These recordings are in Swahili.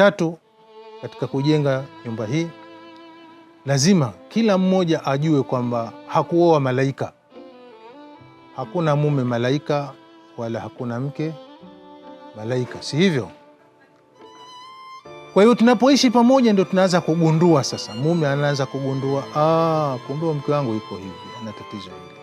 Tatu, katika kujenga nyumba hii lazima kila mmoja ajue kwamba hakuoa malaika. Hakuna mume malaika, wala hakuna mke malaika, si hivyo? Kwa hiyo tunapoishi pamoja ndo tunaanza kugundua sasa, mume anaanza kugundua, ah, kumbe mke wangu yuko hivi, ana tatizo hili,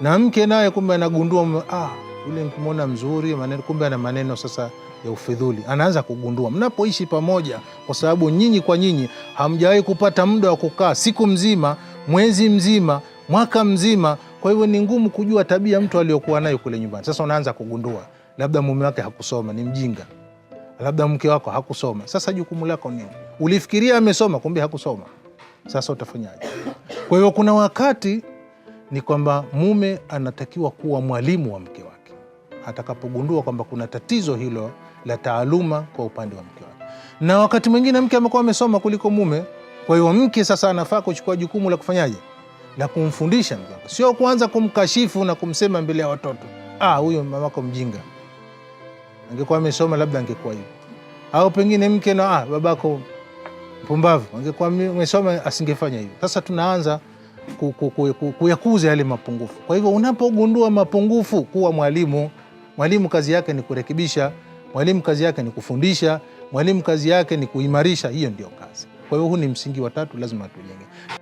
na mke naye kumbe anagundua, ah yule nikimwona mzuri maneno, kumbe ana maneno sasa ya ufidhuli. Anaanza kugundua mnapoishi pamoja, kwa sababu nyinyi kwa nyinyi hamjawahi kupata muda wa kukaa siku mzima, mwezi mzima, mwaka mzima. Kwa hivyo ni ngumu kujua tabia mtu aliyokuwa nayo kule nyumbani. Sasa unaanza kugundua labda mume wake hakusoma, ni mjinga, labda mke wako hakusoma. Sasa jukumu lako nini? Ulifikiria amesoma, kumbe hakusoma. Sasa utafanyaje? Kwa hivyo kuna wakati ni kwamba mume anatakiwa kuwa mwalimu wa mke atakapogundua kwamba kuna tatizo hilo la taaluma kwa upande wa mke wake. Na wakati mwingine mke amekuwa amesoma kuliko mume, kwa hiyo mke sasa anafaa kuchukua jukumu la kufanyaje, la kumfundisha mke wake, sio kuanza kumkashifu na kumsema mbele ya watoto, ah, huyo mamako mjinga, angekuwa amesoma labda angekuwa hivyo, au pengine mke na ah, babako mpumbavu, angekuwa amesoma asingefanya hivyo. Sasa tunaanza kuyakuza yale mapungufu. Kwa hivyo unapogundua mapungufu, kuwa mwalimu Mwalimu kazi yake ni kurekebisha, mwalimu kazi yake ni kufundisha, mwalimu kazi yake ni kuimarisha. Hiyo ndio kazi. Kwa hiyo huu ni msingi wa tatu, lazima tujenge.